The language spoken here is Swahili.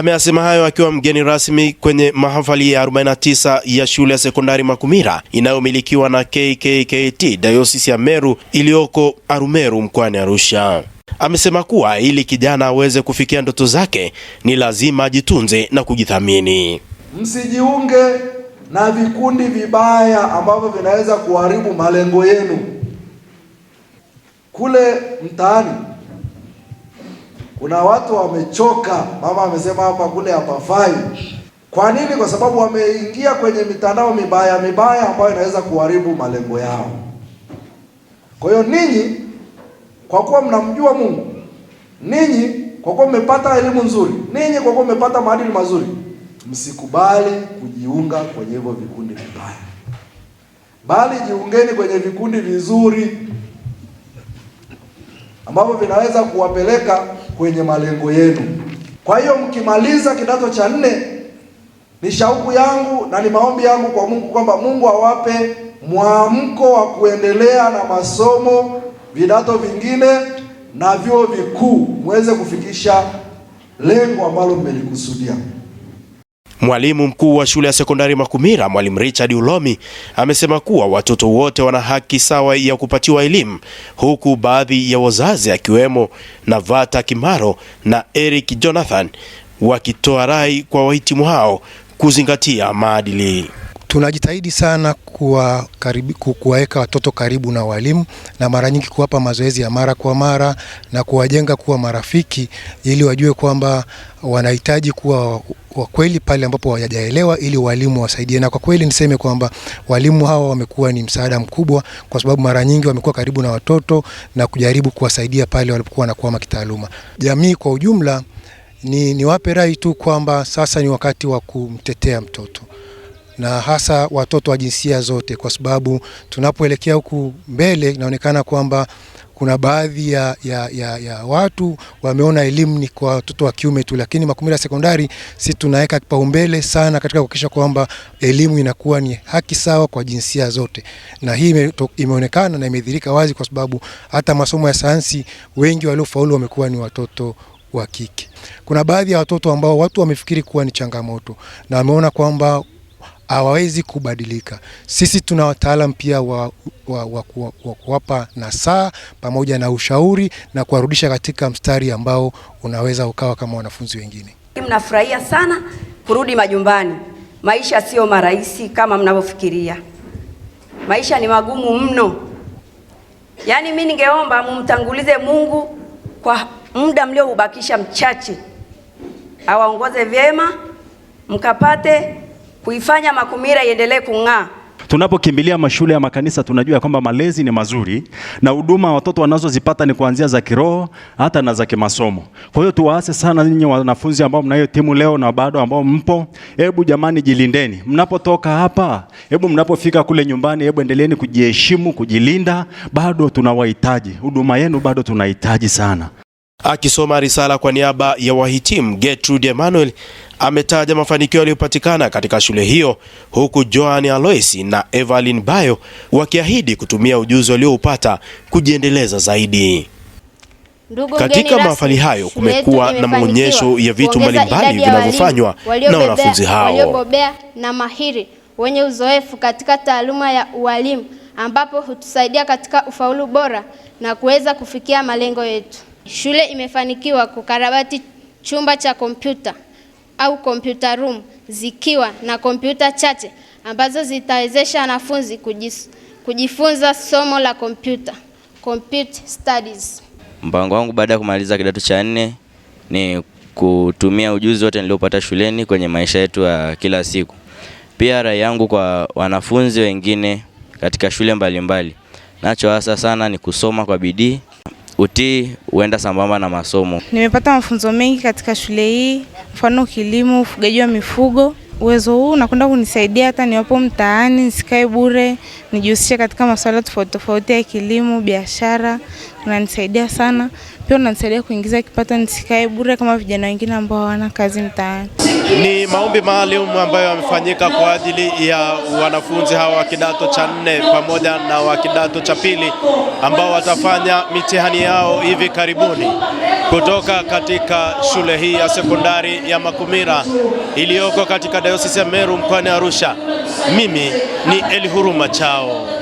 Ameyasema hayo akiwa mgeni rasmi kwenye mahafali ya 49 ya shule ya sekondari Makumira inayomilikiwa na KKKT Dayosisi ya Meru iliyoko Arumeru mkoani Arusha. Amesema kuwa ili kijana aweze kufikia ndoto zake ni lazima ajitunze na kujithamini. Msijiunge na vikundi vibaya ambavyo vinaweza kuharibu malengo yenu. Kule mtaani kuna watu wamechoka. Mama amesema hapa kule hapafai. Kwa nini? Kwa sababu wameingia kwenye mitandao mibaya mibaya ambayo inaweza kuharibu malengo yao. Kwa hiyo ninyi, kwa kuwa mnamjua Mungu, ninyi kwa kuwa mmepata elimu nzuri, ninyi kwa kuwa mmepata maadili mazuri, msikubali kujiunga kwenye hivyo vikundi vibaya, bali jiungeni kwenye vikundi vizuri ambavyo vinaweza kuwapeleka kwenye malengo yenu. Kwa hiyo mkimaliza kidato cha nne, ni shauku yangu na ni maombi yangu kwa Mungu kwamba Mungu awape mwamko wa kuendelea na masomo vidato vingine na vyuo vikuu muweze kufikisha lengo ambalo mmelikusudia. Mwalimu mkuu wa shule ya sekondari Makumira, Mwalimu Richard Ulomi, amesema kuwa watoto wote wana haki sawa ya kupatiwa elimu, huku baadhi ya wazazi akiwemo Navata Kimaro na Eric Jonathan wakitoa rai kwa wahitimu hao kuzingatia maadili. Tunajitahidi sana kuwaweka watoto karibu na walimu na mara nyingi kuwapa mazoezi ya mara kwa mara na kuwajenga kuwa marafiki ili wajue kwamba wanahitaji kuwa wa kweli pale ambapo hawajaelewa, ili walimu wasaidie. Na kwa kweli niseme kwamba walimu hawa wamekuwa ni msaada mkubwa, kwa sababu mara nyingi wamekuwa karibu na watoto na kujaribu kuwasaidia pale walipokuwa wanakwama kitaaluma. Jamii kwa ujumla, ni niwape rai tu kwamba sasa ni wakati wa kumtetea mtoto na hasa watoto wa jinsia zote, kwa sababu tunapoelekea huku mbele inaonekana kwamba kuna baadhi ya, ya, ya, ya watu wameona elimu ni kwa watoto wa kiume tu, lakini Makumira sekondari si tunaweka kipaumbele sana katika kuhakikisha kwamba elimu inakuwa ni haki sawa kwa jinsia zote, na hii imeonekana na imedhirika wazi, kwa sababu hata masomo ya sayansi wengi waliofaulu wamekuwa ni watoto wa kike. Kuna baadhi ya watoto ambao watu wamefikiri kuwa ni changamoto na wameona kwamba hawawezi kubadilika. Sisi tuna wataalamu pia wa, wa, wa, wa, wa kuwapa nasaha pamoja na ushauri na kuwarudisha katika mstari ambao unaweza ukawa kama wanafunzi wengine. Mnafurahia sana kurudi majumbani. Maisha sio marahisi kama mnavyofikiria, maisha ni magumu mno. Yaani mimi ningeomba mumtangulize Mungu kwa muda mlioubakisha mchache, awaongoze vyema mkapate kuifanya Makumira iendelee kung'aa. Tunapokimbilia mashule ya makanisa tunajua ya kwamba malezi ni mazuri na huduma watoto wanazozipata ni kuanzia za kiroho hata na za kimasomo. Kwa hiyo tuwaase sana ninyi wanafunzi ambao mnayo timu leo na bado ambao mpo, hebu jamani, jilindeni mnapotoka hapa, hebu mnapofika kule nyumbani, hebu endeleeni kujiheshimu, kujilinda. Bado tunawahitaji, huduma yenu bado tunahitaji sana. Akisoma risala kwa niaba ya wahitimu, Gertrude Emmanuel ametaja mafanikio yaliyopatikana katika shule hiyo, huku Joan Alois na Evelyn Bayo wakiahidi kutumia ujuzi walioupata kujiendeleza zaidi. Ndugu katika mahafali hayo kumekuwa na maonyesho ya vitu mbalimbali vinavyofanywa na wanafunzi hao waliobobea na mahiri wenye uzoefu katika taaluma ya ualimu, ambapo hutusaidia katika ufaulu bora na kuweza kufikia malengo yetu. Shule imefanikiwa kukarabati chumba cha kompyuta au computer room zikiwa na kompyuta chache ambazo zitawezesha wanafunzi kujifunza somo la kompyuta, computer studies. Mpango wangu baada ya kumaliza kidato cha nne ni kutumia ujuzi wote niliopata shuleni kwenye maisha yetu ya kila siku. Pia rai yangu kwa wanafunzi wengine katika shule mbalimbali Nacho hasa sana ni kusoma kwa bidii utii huenda sambamba na masomo. Nimepata mafunzo mengi katika shule hii, mfano kilimo, ufugaji wa mifugo. Uwezo huu unakwenda kunisaidia hata niwapo mtaani, nisikae bure, nijihusishe katika masuala tofauti tofauti ya kilimo, biashara. Unanisaidia sana pia unanisaidia kuingiza kipato, nisikae bure kama vijana wengine ambao hawana kazi mtaani. Ni maombi maalum ambayo yamefanyika kwa ajili ya wanafunzi hawa wa kidato cha nne pamoja na wa kidato cha pili ambao watafanya mitihani yao hivi karibuni kutoka katika shule hii ya sekondari ya Makumira iliyoko katika Dayosisi ya Meru mkoani Arusha. Mimi ni Elihuruma Chao.